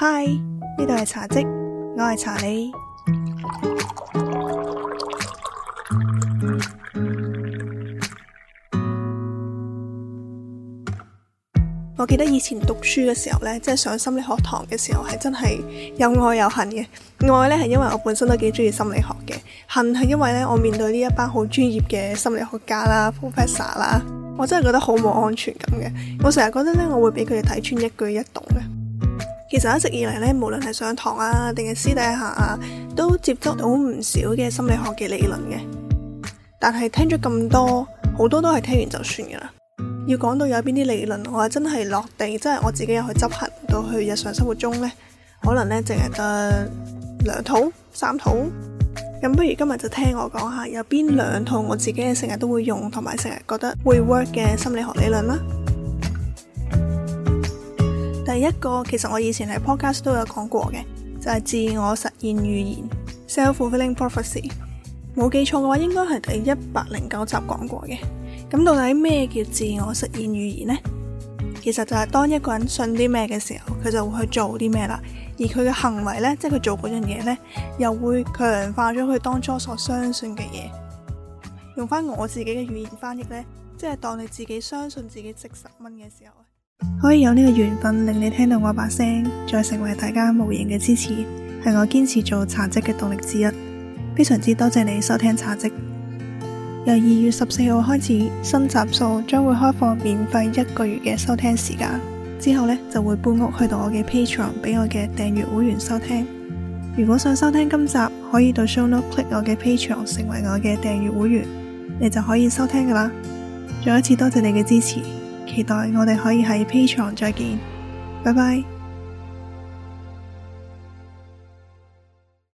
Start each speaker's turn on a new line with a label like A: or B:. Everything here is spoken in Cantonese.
A: 嗨，這呢度茶迹，我是茶理。我記得以前讀書嘅時候呢，即、就是、上心理學堂嘅時候，係真的有愛有恨嘅。愛呢係因為我本身都挺中意心理學嘅，恨是因為我面對呢一班好專業嘅心理學家啦、professor 啦，我真的覺得好冇安全感嘅。我成日覺得呢，我會俾佢哋睇穿一舉一動其實一直以嚟咧，無論係上堂啊，定係私底下啊，都接觸到唔少嘅心理學嘅理論嘅。但係聽咗咁多，好多都係聽完就算噶啦。要講到有邊啲理論我係真係落地，即係我自己有去執行到去日常生活中呢，可能呢淨係得兩套、三套。咁不如今日就聽我講下有邊兩套我自己成日都會用，同埋成日覺得會 work 嘅心理學理論啦。第一個其實我以前喺 podcast 都有講過嘅，就係、是、自我實現預言 （self-fulfilling prophecy）。冇記錯嘅話，應該係第一百零九集講過嘅。咁到底咩叫自我實現預言呢？其實就係當一個人信啲咩嘅時候，佢就會去做啲咩啦。而佢嘅行為呢，即係佢做嗰樣嘢呢，又會強化咗佢當初所相信嘅嘢。用翻我自己嘅語言翻譯呢，即係當你自己相信自己值十蚊嘅時候。可以有呢個緣分令你聽到我把聲，再成為大家無形嘅支持，係我堅持做茶嘖嘅動力之一。非常之多謝你收聽茶嘖。由二月十四號開始，新集數將會開放免費一個月嘅收聽時間，之後呢就會搬屋去到我嘅 Patreon 俾我嘅訂閱會員收聽。如果想收聽今集，可以到 show note click 我嘅 Patreon 成為我嘅訂閱會員，你就可以收聽噶啦。再一次多謝你嘅支持。期待我哋可以喺 Patreon 再見，拜拜。